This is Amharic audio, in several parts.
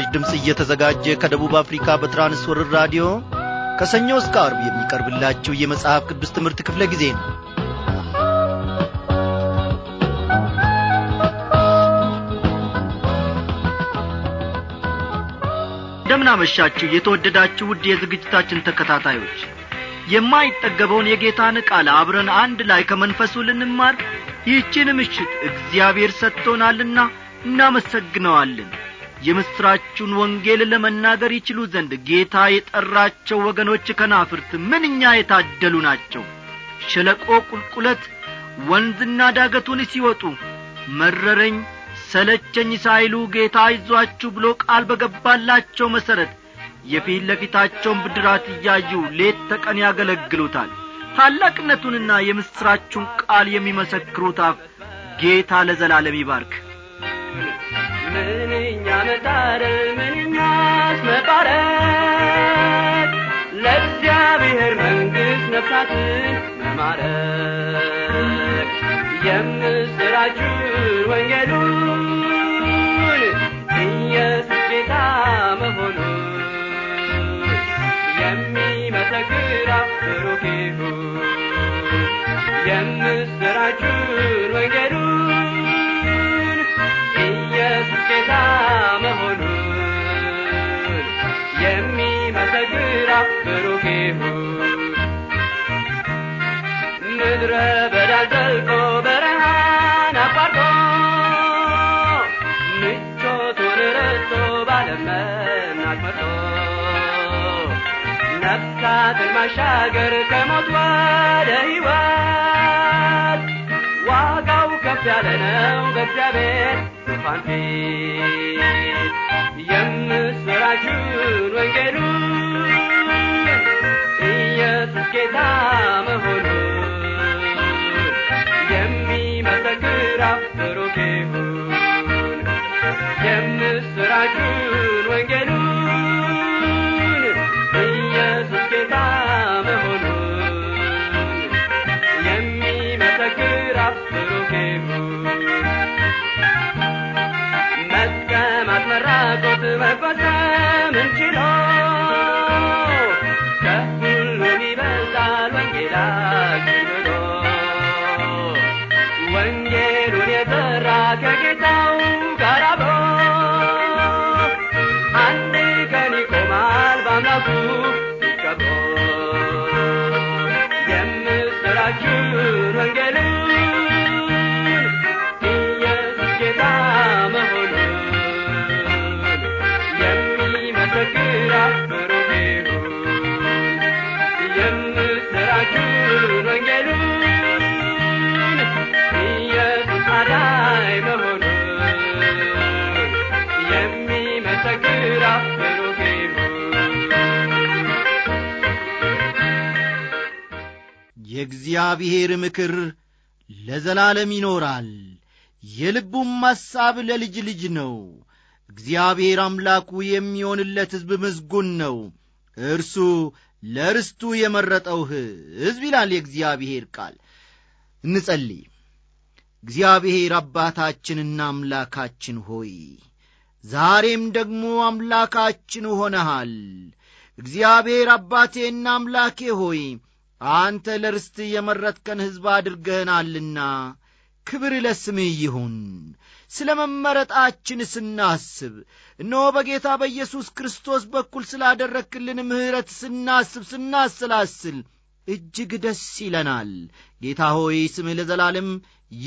ለመስራች ድምፅ እየተዘጋጀ ከደቡብ አፍሪካ በትራንስወርር ራዲዮ ከሰኞ እስከ አርብ የሚቀርብላችሁ የመጽሐፍ ቅዱስ ትምህርት ክፍለ ጊዜ ነው እንደምናመሻችሁ የተወደዳችሁ ውድ የዝግጅታችን ተከታታዮች የማይጠገበውን የጌታን ቃል አብረን አንድ ላይ ከመንፈሱ ልንማር ይህችን ምሽት እግዚአብሔር ሰጥቶናልና እናመሰግነዋለን የምሥራችን ወንጌል ለመናገር ይችሉ ዘንድ ጌታ የጠራቸው ወገኖች ከናፍርት ምንኛ የታደሉ ናቸው ሸለቆ ቁልቁለት ወንዝና ዳገቱን ሲወጡ መረረኝ ሰለቸኝ ሳይሉ ጌታ አይዟችሁ ብሎ ቃል በገባላቸው መሠረት የፊት ለፊታቸውን ብድራት እያዩ ሌት ተቀን ያገለግሉታል ታላቅነቱንና የምሥራቹን ቃል የሚመሰክሩት አፍ ጌታ ለዘላለም ይባርክ መጣር ምንኛስ አስመቃረት ለእግዚአብሔር መንግሥት ነፍሳትን መማረክ የምስራችን ወንጌሉን ኢየሱስ ጌታ መሆኑን የሚመሰክር አፍሩክ ይሁን የምስራችን ይወርዳል ዘልቆ በረሃን አቋርጦ ምቾቱን ረስቶ ባለመናት መቶ ነፍሳትን ማሻገር ከሞት ወደ ሕይወት ዋጋው ከፍ ያለ ነው በእግዚአብሔር ዙፋን ፊት የምስራችን ወንጌሉን ብሩክ ይሁን የምስራቹን ወንጌሉን ኢየሱስ ጌታ መሆኑን የሚመሰክር ብሩክ ይሁን መስቀም አስመራቆት መፈጸም እንጂ የእግዚአብሔር ምክር ለዘላለም ይኖራል፣ የልቡም ሐሳብ ለልጅ ልጅ ነው። እግዚአብሔር አምላኩ የሚሆንለት ሕዝብ ምዝጉን ነው፣ እርሱ ለርስቱ የመረጠው ሕዝብ ይላል የእግዚአብሔር ቃል። እንጸልይ። እግዚአብሔር አባታችንና አምላካችን ሆይ ዛሬም ደግሞ አምላካችን ሆነሃል። እግዚአብሔር አባቴና አምላኬ ሆይ አንተ ለርስት የመረጥከን ሕዝብ አድርገህናልና ክብር ለስምህ ይሁን። ስለ መመረጣችን ስናስብ፣ እነሆ በጌታ በኢየሱስ ክርስቶስ በኩል ስላደረክልን ምሕረት ስናስብ ስናሰላስል እጅግ ደስ ይለናል። ጌታ ሆይ ስምህ ለዘላለም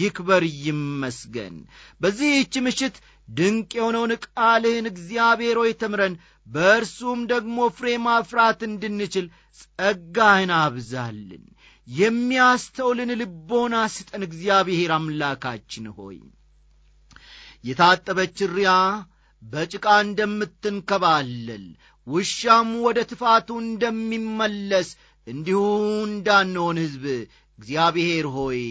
ይክበር ይመስገን። በዚህች ምሽት ድንቅ የሆነውን ቃልህን እግዚአብሔር ሆይ ተምረን በእርሱም ደግሞ ፍሬ ማፍራት እንድንችል ጸጋህን አብዛልን። የሚያስተውልን ልቦና ስጠን። እግዚአብሔር አምላካችን ሆይ የታጠበች ሪያ በጭቃ እንደምትንከባለል ውሻም ወደ ትፋቱ እንደሚመለስ እንዲሁ እንዳንሆን ሕዝብ እግዚአብሔር ሆይ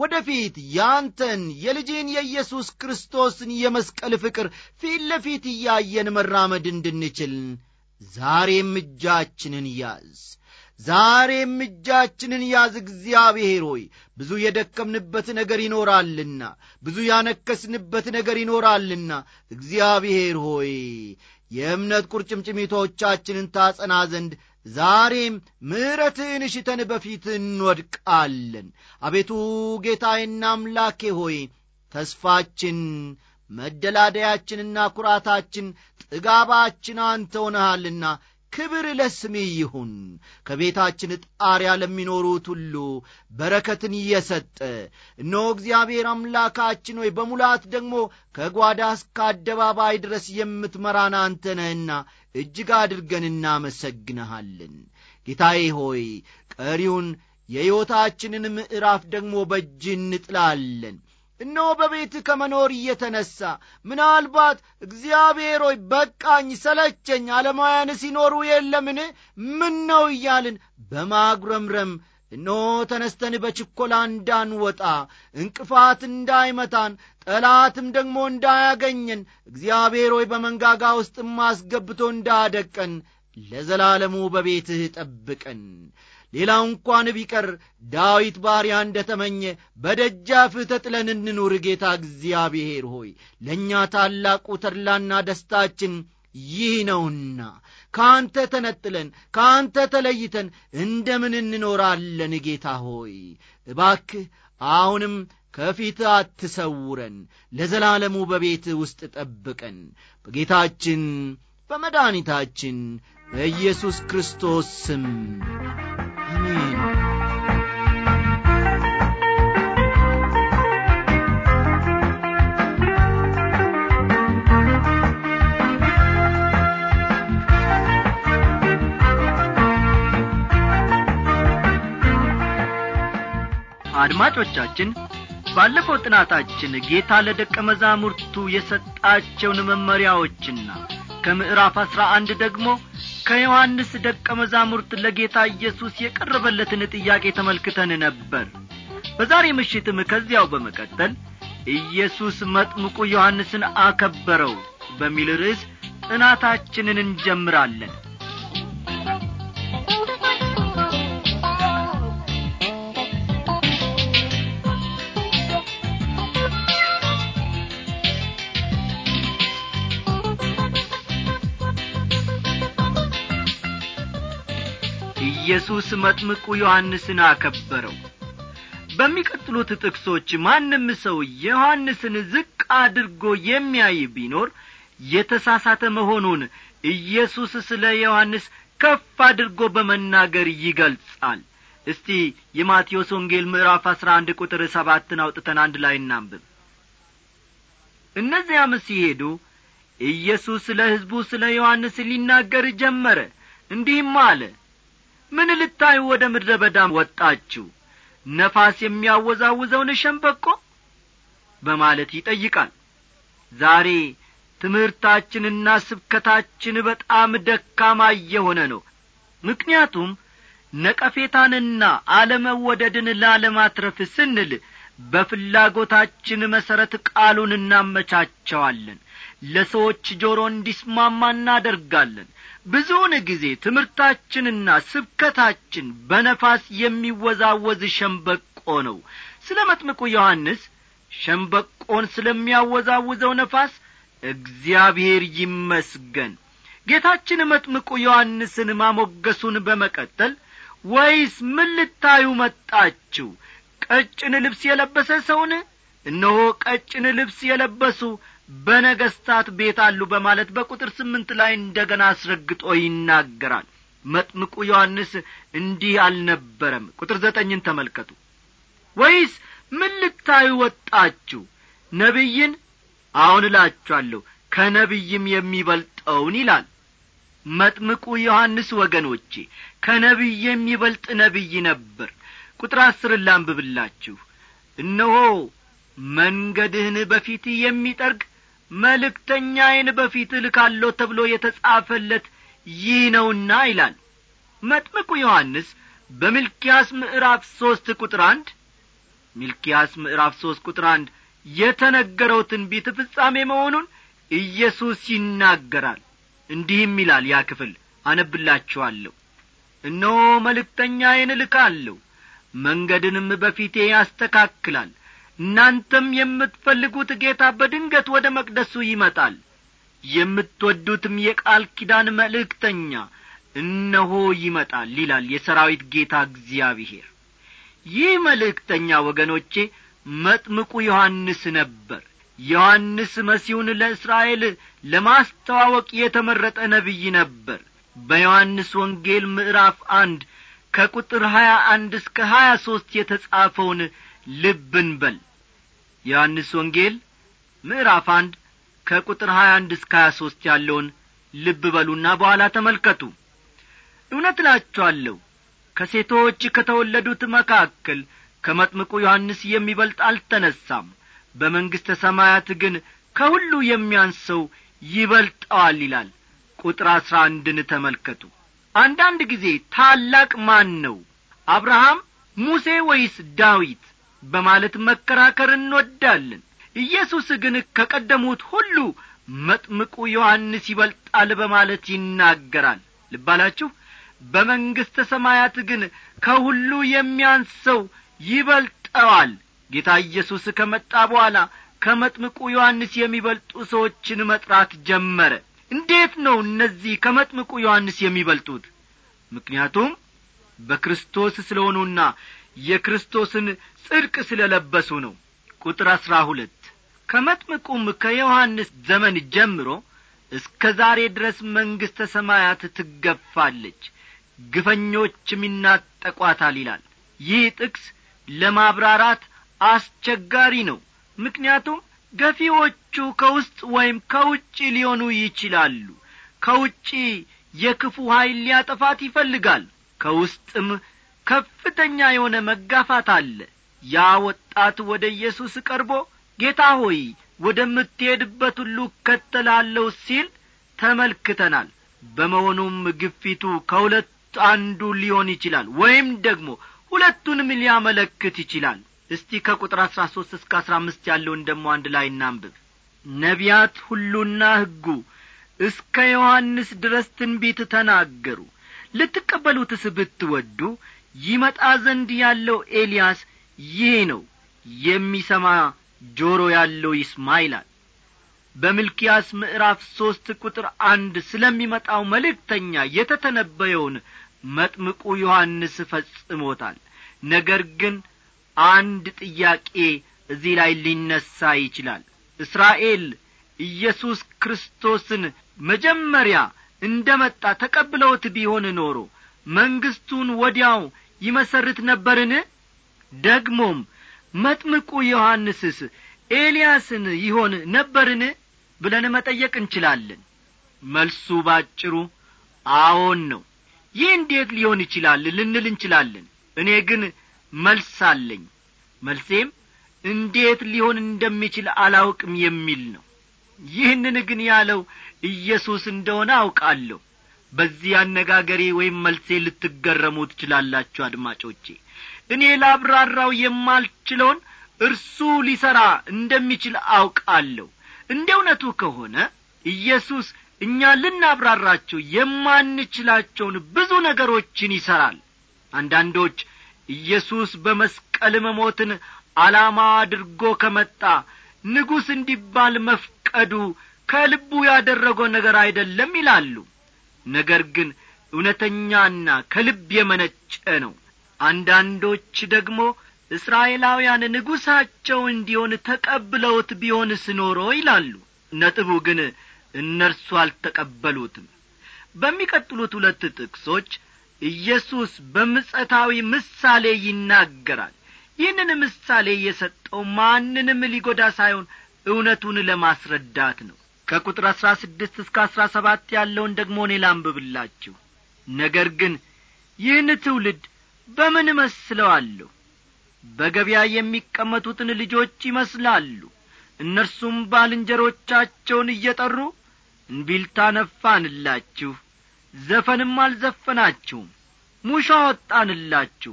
ወደ ፊት ያንተን የልጅን የኢየሱስ ክርስቶስን የመስቀል ፍቅር ፊት ለፊት እያየን መራመድ እንድንችል ዛሬም እጃችንን ያዝ ዛሬም እጃችንን ያዝ። እግዚአብሔር ሆይ ብዙ የደከምንበት ነገር ይኖራልና፣ ብዙ ያነከስንበት ነገር ይኖራልና፣ እግዚአብሔር ሆይ የእምነት ቁርጭምጭሚቶቻችንን ታጸና ዘንድ ዛሬም ምሕረትህን እሽተን በፊት እንወድቃለን። አቤቱ ጌታዬና አምላኬ ሆይ ተስፋችን መደላደያችንና ኵራታችን ጥጋባችን አንተ ሆነሃልና ክብር ለስምህ ይሁን። ከቤታችን ጣሪያ ለሚኖሩት ሁሉ በረከትን እየሰጠ እነሆ እግዚአብሔር አምላካችን ሆይ በሙላት ደግሞ ከጓዳ እስከ አደባባይ ድረስ የምትመራን አንተ ነህና እጅግ አድርገን እናመሰግንሃለን። ጌታዬ ሆይ ቀሪውን የሕይወታችንን ምዕራፍ ደግሞ በእጅ እንጥላለን። እነሆ በቤት ከመኖር እየተነሣ ምናልባት እግዚአብሔር ሆይ በቃኝ፣ ሰለቸኝ፣ አለማውያን ሲኖሩ የለምን ምን ነው እያልን በማጉረምረም እነሆ ተነስተን በችኮላ እንዳንወጣ እንቅፋት እንዳይመታን ጠላትም ደግሞ እንዳያገኘን እግዚአብሔር ሆይ በመንጋጋ ውስጥ ማስገብቶ እንዳደቀን ለዘላለሙ በቤትህ ጠብቀን ሌላው እንኳን ቢቀር ዳዊት ባሪያ እንደ ተመኘ በደጃፍህ ተጥለን እንኑር። ጌታ እግዚአብሔር ሆይ ለእኛ ታላቁ ተድላና ደስታችን ይህ ነውና ከአንተ ተነጥለን ከአንተ ተለይተን እንደምን እንኖራለን? ጌታ ሆይ እባክህ አሁንም ከፊት አትሰውረን፣ ለዘላለሙ በቤት ውስጥ ጠብቀን። በጌታችን በመድኃኒታችን በኢየሱስ ክርስቶስ ስም አድማጮቻችን ባለፈው ጥናታችን ጌታ ለደቀ መዛሙርቱ የሰጣቸውን መመሪያዎችና ከምዕራፍ አሥራ አንድ ደግሞ ከዮሐንስ ደቀ መዛሙርት ለጌታ ኢየሱስ የቀረበለትን ጥያቄ ተመልክተን ነበር በዛሬ ምሽትም ከዚያው በመቀጠል ኢየሱስ መጥምቁ ዮሐንስን አከበረው በሚል ርዕስ ጥናታችንን እንጀምራለን ኢየሱስ መጥምቁ ዮሐንስን አከበረው በሚቀጥሉት ጥቅሶች ማንም ሰው ዮሐንስን ዝቅ አድርጎ የሚያይ ቢኖር የተሳሳተ መሆኑን ኢየሱስ ስለ ዮሐንስ ከፍ አድርጎ በመናገር ይገልጻል እስቲ የማቴዎስ ወንጌል ምዕራፍ አሥራ አንድ ቁጥር ሰባትን አውጥተን አንድ ላይ እናንብብ እነዚያም ሲሄዱ ኢየሱስ ስለ ሕዝቡ ስለ ዮሐንስ ሊናገር ጀመረ እንዲህም አለ ምን ልታዩ ወደ ምድረ በዳም ወጣችሁ ነፋስ የሚያወዛውዘውን ሸምበቆ በማለት ይጠይቃል ዛሬ ትምህርታችንና ስብከታችን በጣም ደካማ እየሆነ ነው ምክንያቱም ነቀፌታንና አለመወደድን ላለማትረፍ ስንል በፍላጎታችን መሠረት ቃሉን እናመቻቸዋለን ለሰዎች ጆሮ እንዲስማማ እናደርጋለን ብዙውን ጊዜ ትምህርታችንና ስብከታችን በነፋስ የሚወዛወዝ ሸምበቆ ነው ስለ መጥምቁ ዮሐንስ ሸምበቆን ስለሚያወዛውዘው ነፋስ እግዚአብሔር ይመስገን ጌታችን መጥምቁ ዮሐንስን ማሞገሱን በመቀጠል ወይስ ምን ልታዩ መጣችሁ ቀጭን ልብስ የለበሰ ሰውን እነሆ ቀጭን ልብስ የለበሱ በነገስታት ቤት አሉ በማለት በቁጥር ስምንት ላይ እንደገና አስረግጦ ይናገራል መጥምቁ ዮሐንስ እንዲህ አልነበረም ቁጥር ዘጠኝን ተመልከቱ ወይስ ምን ልታዩ ወጣችሁ ነቢይን አሁን እላችኋለሁ ከነቢይም የሚበልጠውን ይላል መጥምቁ ዮሐንስ ወገኖቼ ከነቢይ የሚበልጥ ነቢይ ነበር ቁጥር አስር ላንብብላችሁ እነሆ መንገድህን በፊት የሚጠርግ መልእክተኛዬን በፊት እልካለሁ ተብሎ የተጻፈለት ይህ ነውና ይላል መጥምቁ ዮሐንስ በሚልኪያስ ምዕራፍ ሦስት ቁጥር አንድ ሚልኪያስ ምዕራፍ ሦስት ቁጥር አንድ የተነገረው ትንቢት ፍጻሜ መሆኑን ኢየሱስ ይናገራል እንዲህም ይላል ያ ክፍል አነብላችኋለሁ እነሆ መልእክተኛዬን እልካለሁ መንገድንም በፊቴ ያስተካክላል እናንተም የምትፈልጉት ጌታ በድንገት ወደ መቅደሱ ይመጣል የምትወዱትም የቃል ኪዳን መልእክተኛ እነሆ ይመጣል ይላል የሰራዊት ጌታ እግዚአብሔር ይህ መልእክተኛ ወገኖቼ መጥምቁ ዮሐንስ ነበር ዮሐንስ መሲሁን ለእስራኤል ለማስተዋወቅ የተመረጠ ነቢይ ነበር በዮሐንስ ወንጌል ምዕራፍ አንድ ከቁጥር ሀያ አንድ እስከ ሀያ ሦስት የተጻፈውን ልብን በል ዮሐንስ ወንጌል ምዕራፍ አንድ ከቁጥር ሀያ አንድ እስከ ሀያ ሦስት ያለውን ልብ በሉና በኋላ ተመልከቱ እውነት እላችኋለሁ ከሴቶች ከተወለዱት መካከል ከመጥምቁ ዮሐንስ የሚበልጥ አልተነሳም። በመንግሥተ ሰማያት ግን ከሁሉ የሚያንሰው ይበልጠዋል ይላል ቁጥር አሥራ አንድን ተመልከቱ አንዳንድ ጊዜ ታላቅ ማን ነው አብርሃም ሙሴ ወይስ ዳዊት በማለት መከራከር እንወዳለን ኢየሱስ ግን ከቀደሙት ሁሉ መጥምቁ ዮሐንስ ይበልጣል በማለት ይናገራል ልባላችሁ በመንግሥተ ሰማያት ግን ከሁሉ የሚያንሰው ይበልጠዋል ጌታ ኢየሱስ ከመጣ በኋላ ከመጥምቁ ዮሐንስ የሚበልጡ ሰዎችን መጥራት ጀመረ እንዴት ነው እነዚህ ከመጥምቁ ዮሐንስ የሚበልጡት ምክንያቱም በክርስቶስ ስለሆኑና የክርስቶስን ጽድቅ ስለ ለበሱ ነው ቁጥር አሥራ ሁለት ከመጥምቁም ከዮሐንስ ዘመን ጀምሮ እስከ ዛሬ ድረስ መንግሥተ ሰማያት ትገፋለች ግፈኞችም ይናጠቋታል ይላል ይህ ጥቅስ ለማብራራት አስቸጋሪ ነው ምክንያቱም ገፊዎቹ ከውስጥ ወይም ከውጪ ሊሆኑ ይችላሉ ከውጪ የክፉ ኀይል ሊያጠፋት ይፈልጋል ከውስጥም ከፍተኛ የሆነ መጋፋት አለ ያ ወጣት ወደ ኢየሱስ ቀርቦ ጌታ ሆይ ወደምትሄድበት ሁሉ እከተላለሁ ሲል ተመልክተናል በመሆኑም ግፊቱ ከሁለት አንዱ ሊሆን ይችላል ወይም ደግሞ ሁለቱንም ሊያመለክት ይችላል እስቲ ከቁጥር አሥራ ሦስት እስከ አሥራ አምስት ያለውን ደግሞ አንድ ላይ እናንብብ ነቢያት ሁሉና ሕጉ እስከ ዮሐንስ ድረስ ትንቢት ተናገሩ ልትቀበሉትስ ብትወዱ ይመጣ ዘንድ ያለው ኤልያስ ይህ ነው የሚሰማ ጆሮ ያለው ይስማ ይላል በሚልኪያስ ምዕራፍ ሦስት ቁጥር አንድ ስለሚመጣው መልእክተኛ የተተነበየውን መጥምቁ ዮሐንስ ፈጽሞታል ነገር ግን አንድ ጥያቄ እዚህ ላይ ሊነሣ ይችላል እስራኤል ኢየሱስ ክርስቶስን መጀመሪያ እንደ መጣ ተቀብለውት ቢሆን ኖሮ መንግሥቱን ወዲያው ይመሰርት ነበርን ደግሞም መጥምቁ ዮሐንስስ ኤልያስን ይሆን ነበርን ብለን መጠየቅ እንችላለን መልሱ ባጭሩ አዎን ነው ይህ እንዴት ሊሆን ይችላል ልንል እንችላለን እኔ ግን መልስ አለኝ መልሴም እንዴት ሊሆን እንደሚችል አላውቅም የሚል ነው ይህንን ግን ያለው ኢየሱስ እንደሆነ አውቃለሁ በዚህ አነጋገሬ ወይም መልሴ ልትገረሙ ትችላላችሁ አድማጮቼ እኔ ላብራራው የማልችለውን እርሱ ሊሠራ እንደሚችል አውቃለሁ እንደ እውነቱ ከሆነ ኢየሱስ እኛ ልናብራራቸው የማንችላቸውን ብዙ ነገሮችን ይሠራል አንዳንዶች ኢየሱስ በመስቀል መሞትን ዓላማ አድርጎ ከመጣ ንጉሥ እንዲባል መፍቀዱ ከልቡ ያደረገው ነገር አይደለም ይላሉ ነገር ግን እውነተኛና ከልብ የመነጨ ነው አንዳንዶች ደግሞ እስራኤላውያን ንጉሣቸው እንዲሆን ተቀብለውት ቢሆን ስኖሮ ይላሉ ነጥቡ ግን እነርሱ አልተቀበሉትም በሚቀጥሉት ሁለት ጥቅሶች ኢየሱስ በምጸታዊ ምሳሌ ይናገራል ይህንን ምሳሌ የሰጠው ማንንም ሊጐዳ ሳይሆን እውነቱን ለማስረዳት ነው ከቁጥር አሥራ ስድስት እስከ አሥራ ሰባት ያለውን ደግሞ እኔ ላንብብላችሁ ነገር ግን ይህን ትውልድ በምን እመስለዋለሁ በገበያ የሚቀመጡትን ልጆች ይመስላሉ እነርሱም ባልንጀሮቻቸውን እየጠሩ እንቢልታ ነፋንላችሁ ዘፈንም አልዘፈናችሁም ሙሾ አወጣንላችሁ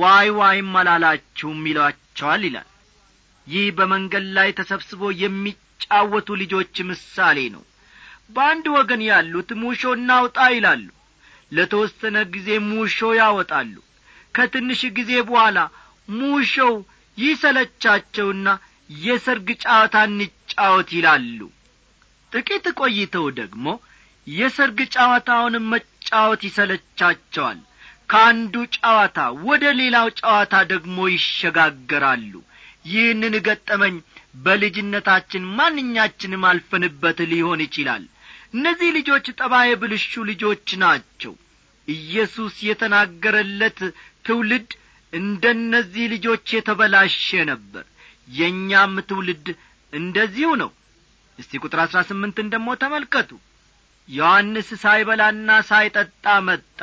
ዋይ ዋይም አላላችሁም ይሏቸዋል ይላል ይህ በመንገድ ላይ ተሰብስቦ የሚ የሚጫወቱ ልጆች ምሳሌ ነው በአንድ ወገን ያሉት ሙሾ እናውጣ ይላሉ ለተወሰነ ጊዜ ሙሾ ያወጣሉ ከትንሽ ጊዜ በኋላ ሙሾው ይሰለቻቸውና የሰርግ ጨዋታ እንጫወት ይላሉ ጥቂት ቆይተው ደግሞ የሰርግ ጨዋታውን መጫወት ይሰለቻቸዋል ከአንዱ ጨዋታ ወደ ሌላው ጨዋታ ደግሞ ይሸጋገራሉ ይህን ገጠመኝ በልጅነታችን ማንኛችንም አልፈንበት ሊሆን ይችላል እነዚህ ልጆች ጠባየ ብልሹ ልጆች ናቸው ኢየሱስ የተናገረለት ትውልድ እንደነዚህ ልጆች የተበላሸ ነበር የእኛም ትውልድ እንደዚሁ ነው እስቲ ቁጥር አሥራ ስምንትን ደግሞ ተመልከቱ ዮሐንስ ሳይበላና ሳይጠጣ መጣ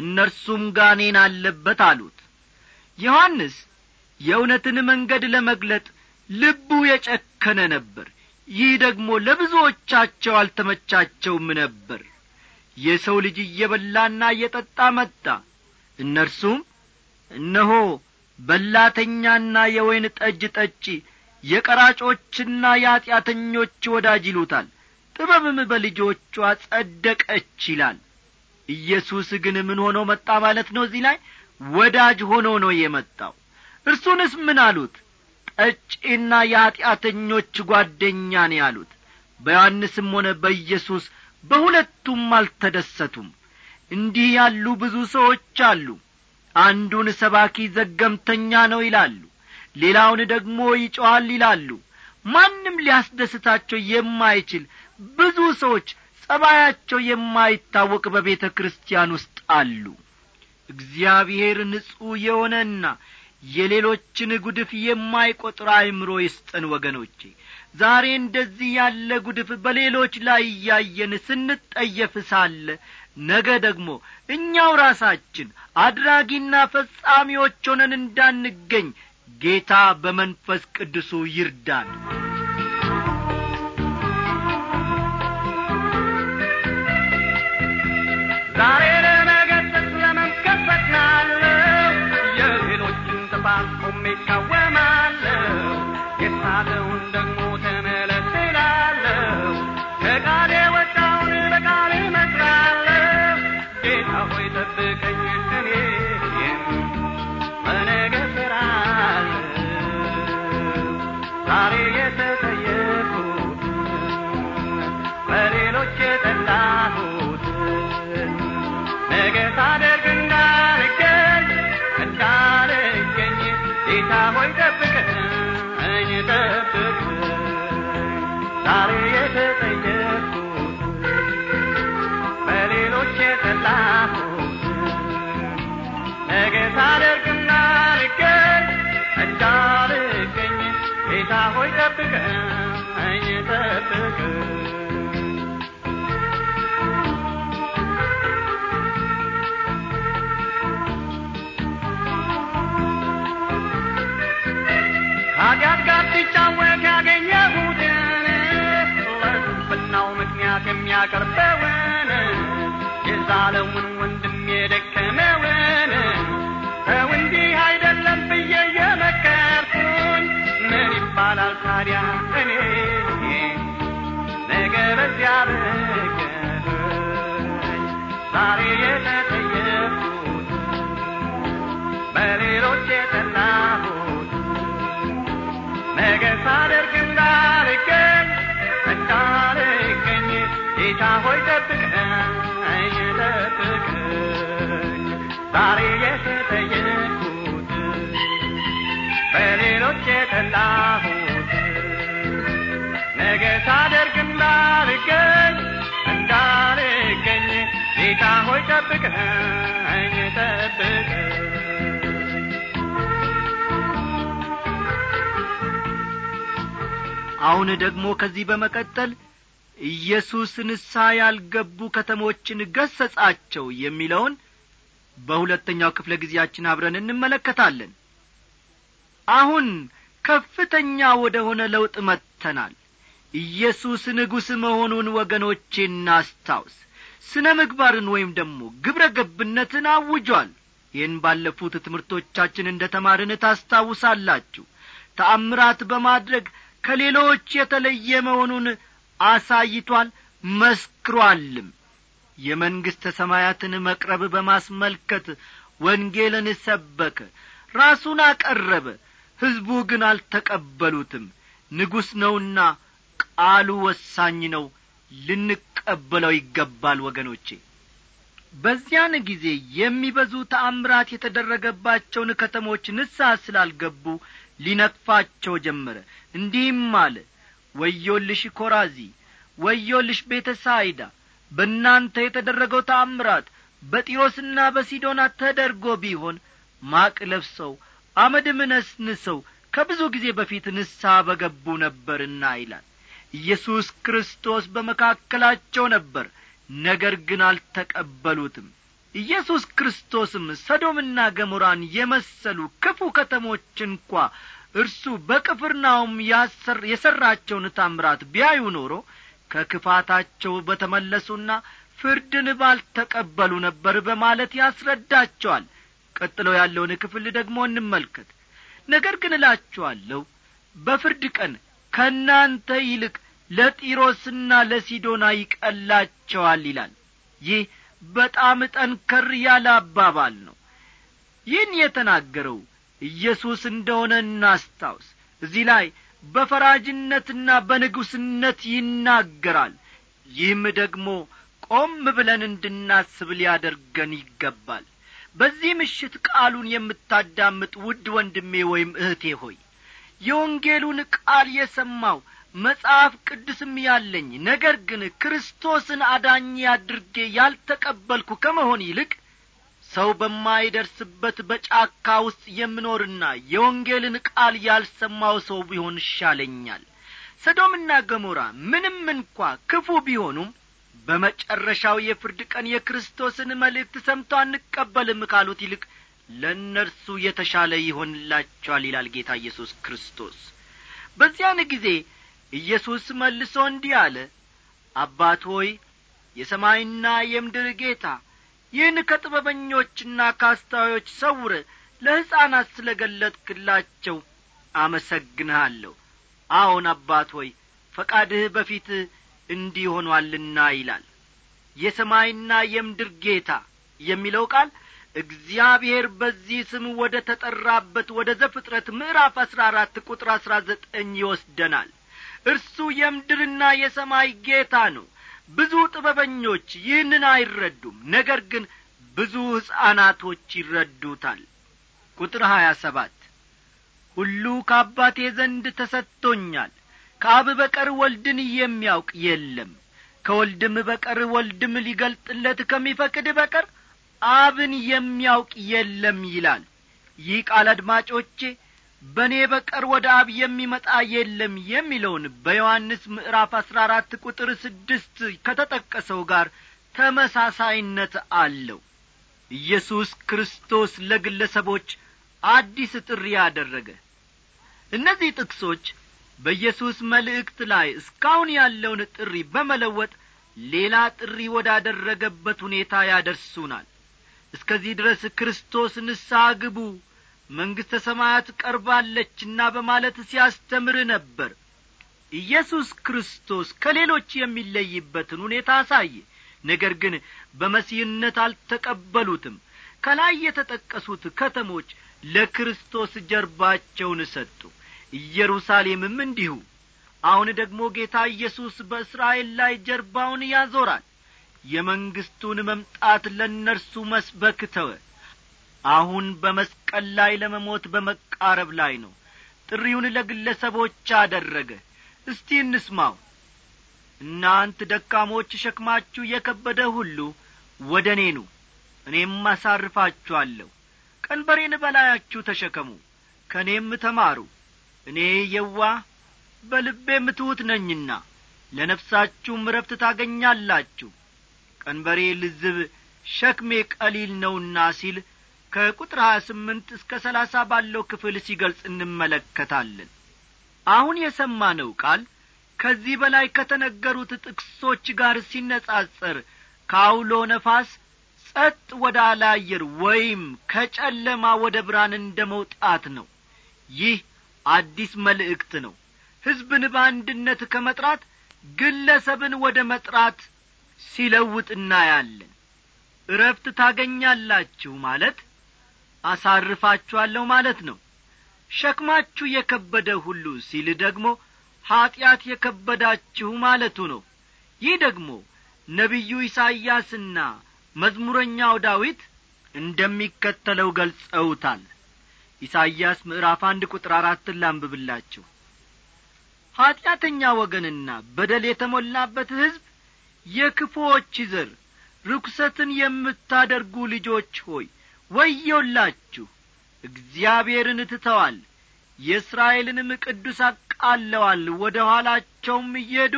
እነርሱም ጋኔን አለበት አሉት ዮሐንስ የእውነትን መንገድ ለመግለጥ ልቡ የጨከነ ነበር ይህ ደግሞ ለብዙዎቻቸው አልተመቻቸውም ነበር የሰው ልጅ እየበላና እየጠጣ መጣ እነርሱም እነሆ በላተኛና የወይን ጠጅ ጠጪ የቀራጮችና የአጢአተኞች ወዳጅ ይሉታል ጥበብም በልጆቿ ጸደቀች ይላል ኢየሱስ ግን ምን ሆኖ መጣ ማለት ነው እዚህ ላይ ወዳጅ ሆኖ ነው የመጣው እርሱንስ ምን አሉት ቀጪና የኀጢአተኞች ጓደኛ ነ ያሉት በዮሐንስም ሆነ በኢየሱስ በሁለቱም አልተደሰቱም እንዲህ ያሉ ብዙ ሰዎች አሉ አንዱን ሰባኪ ዘገምተኛ ነው ይላሉ ሌላውን ደግሞ ይጮኻል ይላሉ ማንም ሊያስደስታቸው የማይችል ብዙ ሰዎች ጸባያቸው የማይታወቅ በቤተ ክርስቲያን ውስጥ አሉ እግዚአብሔር ንጹሕ የሆነና የሌሎችን ጉድፍ የማይቈጥር አይምሮ ይስጠን ወገኖቼ ዛሬ እንደዚህ ያለ ጉድፍ በሌሎች ላይ እያየን ስንጠየፍ ሳለ ነገ ደግሞ እኛው ራሳችን አድራጊና ፈጻሚዎች ሆነን እንዳንገኝ ጌታ በመንፈስ ቅዱሱ ይርዳል ጠብቀኝ ጠብቀኝ ኃጢአት ጋር ሲጫወት ያገኘሁትን ለስንፍናው ምክንያት የሚያቀርበውን የዛለውን ታዲያ እኔ ነገ በዚያ ብገኝ ዛሬ የተጠየፍኩት በሌሎች የተናሁት ነገ ሳደርግ እንዳልገኝ እንዳልገኝ ጌታ ሆይ ጠብቀ አሁን ደግሞ ከዚህ በመቀጠል ኢየሱስ ንሳ ያልገቡ ከተሞችን ገሰጻቸው የሚለውን በሁለተኛው ክፍለ ጊዜያችን አብረን እንመለከታለን አሁን ከፍተኛ ወደ ሆነ ለውጥ መጥተናል ኢየሱስ ንጉሥ መሆኑን ወገኖቼ እናስታውስ ስነ ምግባርን ወይም ደግሞ ግብረ ገብነትን አውጇል ይህን ባለፉት ትምህርቶቻችን እንደ ተማርን ታስታውሳላችሁ ተአምራት በማድረግ ከሌሎች የተለየ መሆኑን አሳይቷል መስክሯልም የመንግሥተ ሰማያትን መቅረብ በማስመልከት ወንጌልን ሰበከ ራሱን አቀረበ ሕዝቡ ግን አልተቀበሉትም ንጉሥ ነውና ቃሉ ወሳኝ ነው ልንቀበለው ይገባል ወገኖቼ በዚያን ጊዜ የሚበዙ ተአምራት የተደረገባቸውን ከተሞች ንሳ ስላልገቡ ሊነጥፋቸው ጀመረ እንዲህም አለ ወዮልሽ ኮራዚ ወዮልሽ ቤተ ሳይዳ በእናንተ የተደረገው ተአምራት በጢሮስና በሲዶና ተደርጎ ቢሆን ማቅ ለብሰው አመድም ነስንሰው ከብዙ ጊዜ በፊት ንሳ በገቡ ነበርና ይላል ኢየሱስ ክርስቶስ በመካከላቸው ነበር ነገር ግን አልተቀበሉትም ኢየሱስ ክርስቶስም ሰዶምና ገሞራን የመሰሉ ክፉ ከተሞች እንኳ እርሱ በቅፍርናውም የሠራቸውን ታምራት ቢያዩ ኖሮ ከክፋታቸው በተመለሱና ፍርድን ባልተቀበሉ ነበር በማለት ያስረዳቸዋል ቀጥሎ ያለውን ክፍል ደግሞ እንመልከት ነገር ግን እላችኋለሁ በፍርድ ቀን ከእናንተ ይልቅ ለጢሮስና ለሲዶና ይቀላቸዋል ይላል ይህ በጣም ጠንከር ያለ አባባል ነው ይህን የተናገረው ኢየሱስ እንደሆነ እናስታውስ እዚህ ላይ በፈራጅነትና በንጉሥነት ይናገራል ይህም ደግሞ ቆም ብለን እንድናስብ ሊያደርገን ይገባል በዚህ ምሽት ቃሉን የምታዳምጥ ውድ ወንድሜ ወይም እህቴ ሆይ የወንጌሉን ቃል የሰማው መጽሐፍ ቅዱስም ያለኝ ነገር ግን ክርስቶስን አዳኝ አድርጌ ያልተቀበልኩ ከመሆን ይልቅ ሰው በማይደርስበት በጫካ ውስጥ የምኖርና የወንጌልን ቃል ያልሰማው ሰው ቢሆን ይሻለኛል ሰዶምና ገሞራ ምንም እንኳ ክፉ ቢሆኑም በመጨረሻው የፍርድ ቀን የክርስቶስን መልእክት ሰምቶ አንቀበልም ካሉት ይልቅ ለእነርሱ የተሻለ ይሆንላቸዋል ይላል ጌታ ኢየሱስ ክርስቶስ በዚያን ጊዜ ኢየሱስ መልሶ እንዲህ አለ አባት ሆይ የሰማይና የምድር ጌታ ይህን ከጥበበኞችና ከአስተዋዮች ሰውረ ለሕፃናት ስለ ገለጥክላቸው አመሰግንሃለሁ አዎን አባት ሆይ ፈቃድህ በፊት እንዲህ ሆኗልና ይላል የሰማይና የምድር ጌታ የሚለው ቃል እግዚአብሔር በዚህ ስም ወደ ተጠራበት ወደ ዘፍጥረት ምዕራፍ አሥራ አራት ቁጥር አሥራ ዘጠኝ ይወስደናል እርሱ የምድርና የሰማይ ጌታ ነው ብዙ ጥበበኞች ይህንን አይረዱም ነገር ግን ብዙ ሕፃናቶች ይረዱታል ቁጥር ሀያ ሰባት ሁሉ ከአባቴ ዘንድ ተሰጥቶኛል ከአብ በቀር ወልድን የሚያውቅ የለም ከወልድም በቀር ወልድም ሊገልጥለት ከሚፈቅድ በቀር አብን የሚያውቅ የለም ይላል ይህ ቃል አድማጮቼ በእኔ በቀር ወደ አብ የሚመጣ የለም የሚለውን በዮሐንስ ምዕራፍ አሥራ አራት ቁጥር ስድስት ከተጠቀሰው ጋር ተመሳሳይነት አለው ኢየሱስ ክርስቶስ ለግለሰቦች አዲስ ጥሪ አደረገ እነዚህ ጥቅሶች በኢየሱስ መልእክት ላይ እስካሁን ያለውን ጥሪ በመለወጥ ሌላ ጥሪ ወዳደረገበት ሁኔታ ያደርሱናል እስከዚህ ድረስ ክርስቶስ ንስሐ ግቡ መንግሥተ ሰማያት ቀርባለችና በማለት ሲያስተምር ነበር ኢየሱስ ክርስቶስ ከሌሎች የሚለይበትን ሁኔታ አሳየ ነገር ግን በመሲህነት አልተቀበሉትም ከላይ የተጠቀሱት ከተሞች ለክርስቶስ ጀርባቸውን ሰጡ ኢየሩሳሌምም እንዲሁ አሁን ደግሞ ጌታ ኢየሱስ በእስራኤል ላይ ጀርባውን ያዞራል የመንግሥቱን መምጣት ለእነርሱ መስበክ ተወ አሁን በመስቀል ላይ ለመሞት በመቃረብ ላይ ነው ጥሪውን ለግለሰቦች አደረገ እስቲ እንስማው እናንት ደካሞች ሸክማችሁ የከበደ ሁሉ ወደ እኔ ኑ እኔም አሳርፋችኋለሁ ቀንበሬን በላያችሁ ተሸከሙ ከእኔም ተማሩ እኔ የዋ በልቤ ምትውት ነኝና ለነፍሳችሁ ምረብት ታገኛላችሁ ቀንበሬ ልዝብ ሸክሜ ቀሊል ነውና ሲል ከቁጥር ሀያ ስምንት እስከ ሰላሳ ባለው ክፍል ሲገልጽ እንመለከታለን አሁን የሰማነው ቃል ከዚህ በላይ ከተነገሩት ጥቅሶች ጋር ሲነጻጸር ከአውሎ ነፋስ ጸጥ ወደ አላየር ወይም ከጨለማ ወደ ብርሃን እንደ መውጣት ነው ይህ አዲስ መልእክት ነው ሕዝብን በአንድነት ከመጥራት ግለሰብን ወደ መጥራት ሲለውጥ እናያለን እረፍት ታገኛላችሁ ማለት አሳርፋችኋለሁ ማለት ነው ሸክማችሁ የከበደ ሁሉ ሲል ደግሞ ኀጢአት የከበዳችሁ ማለቱ ነው ይህ ደግሞ ነቢዩ ኢሳይያስና መዝሙረኛው ዳዊት እንደሚከተለው ገልጸውታል ኢሳይያስ ምዕራፍ አንድ ቁጥር አራትን ላንብብላችሁ ኀጢአተኛ ወገንና በደል የተሞላበት ሕዝብ የክፉዎች ዘር ርኩሰትን የምታደርጉ ልጆች ሆይ ወዮላችሁ እግዚአብሔርን ትተዋል የእስራኤልንም ቅዱስ አቃለዋል ወደ ኋላቸውም እየሄዱ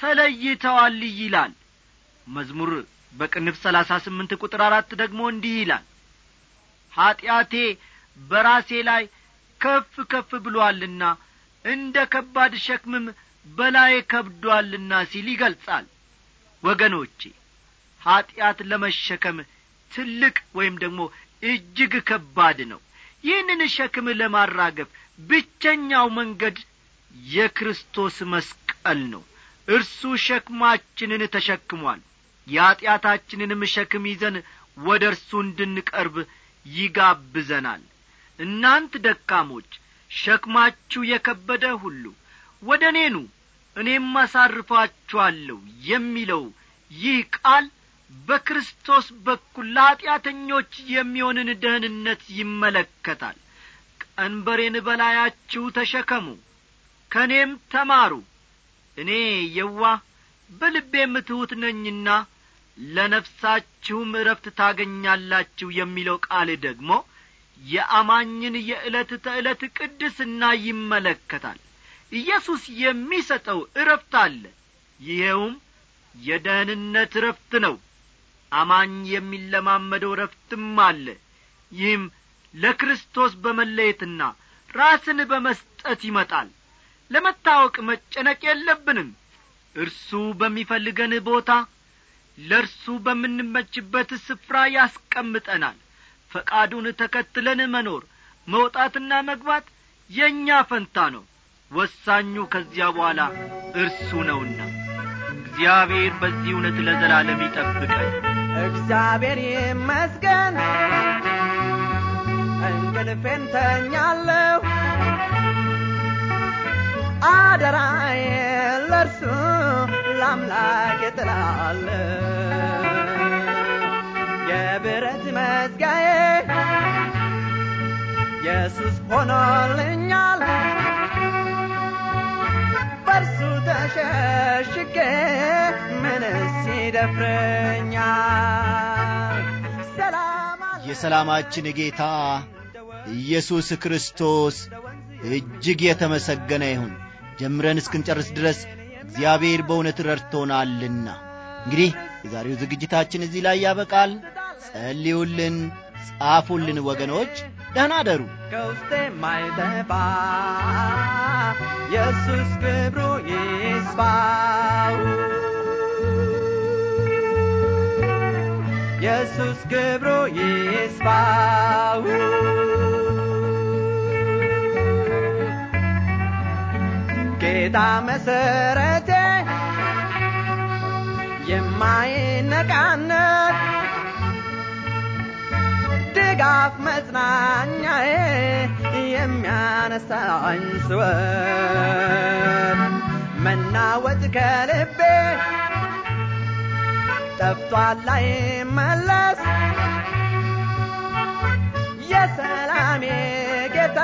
ተለይተዋል ይላል መዝሙር በቅንፍ ሰላሳ ስምንት ቁጥር አራት ደግሞ እንዲህ ይላል ኀጢአቴ በራሴ ላይ ከፍ ከፍ ብሎአልና እንደ ከባድ ሸክምም በላይ ከብዶአልና ሲል ይገልጻል ወገኖቼ ኀጢአት ለመሸከም ትልቅ ወይም ደግሞ እጅግ ከባድ ነው ይህንን ሸክም ለማራገፍ ብቸኛው መንገድ የክርስቶስ መስቀል ነው እርሱ ሸክማችንን ተሸክሟል የኀጢአታችንንም ሸክም ይዘን ወደ እርሱ እንድንቀርብ ይጋብዘናል እናንት ደካሞች ሸክማችሁ የከበደ ሁሉ ወደ እኔኑ እኔም አሳርፋችኋለሁ የሚለው ይህ ቃል በክርስቶስ በኩል ለኀጢአተኞች የሚሆንን ደህንነት ይመለከታል ቀንበሬን በላያችሁ ተሸከሙ ከእኔም ተማሩ እኔ የዋ በልቤ ትሑት ነኝና ለነፍሳችሁም እረፍት ታገኛላችሁ የሚለው ቃል ደግሞ የአማኝን የዕለት ተዕለት ቅድስና ይመለከታል ኢየሱስ የሚሰጠው እረፍት አለ ይኸውም የደህንነት እረፍት ነው አማኝ የሚለማመደው ረፍትም አለ ይህም ለክርስቶስ በመለየትና ራስን በመስጠት ይመጣል ለመታወቅ መጨነቅ የለብንም እርሱ በሚፈልገን ቦታ ለእርሱ በምንመችበት ስፍራ ያስቀምጠናል ፈቃዱን ተከትለን መኖር መውጣትና መግባት የእኛ ፈንታ ነው ወሳኙ ከዚያ በኋላ እርሱ ነውና እግዚአብሔር በዚህ እውነት ለዘላለም ይጠብቀን እግዚአብሔር ይመስገን እንቅልፌን ተኛለሁ አደራዬን ለእርሱ ለአምላክ ጥላለ የብረት መዝጋዬ የሱስ ሆኖልኛል በርሱ ተሸሽጌ ይደፍረኛል። የሰላማችን ጌታ ኢየሱስ ክርስቶስ እጅግ የተመሰገነ ይሁን። ጀምረን እስክንጨርስ ድረስ እግዚአብሔር በእውነት ረድቶናልና። እንግዲህ የዛሬው ዝግጅታችን እዚህ ላይ ያበቃል። ጸልዩልን፣ ጻፉልን ወገኖች። ደህና አደሩ። ከውስጤ የማይጠፋ የኢየሱስ ክብሩ ይስፋ። ኢየሱስ ክብሩ ይስፋው ጌታ መሰረቴ የማይነቃነት ድጋፍ መጽናኛዬ የሚያነሳኝ ስወር መናወጥ ከልቤ ጠፍቷል ላይ መለስ የሰላሜ ጌታ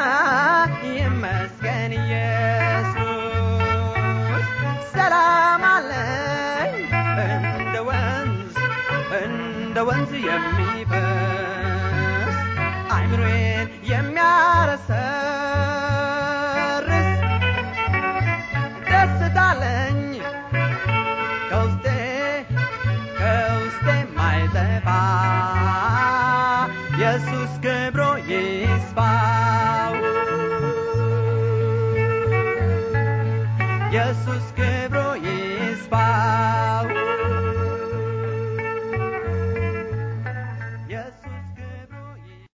ይመስገን ኢየሱስ ሰላም አለኝ እንደ ወንዝ እንደ ወንዝ የሚ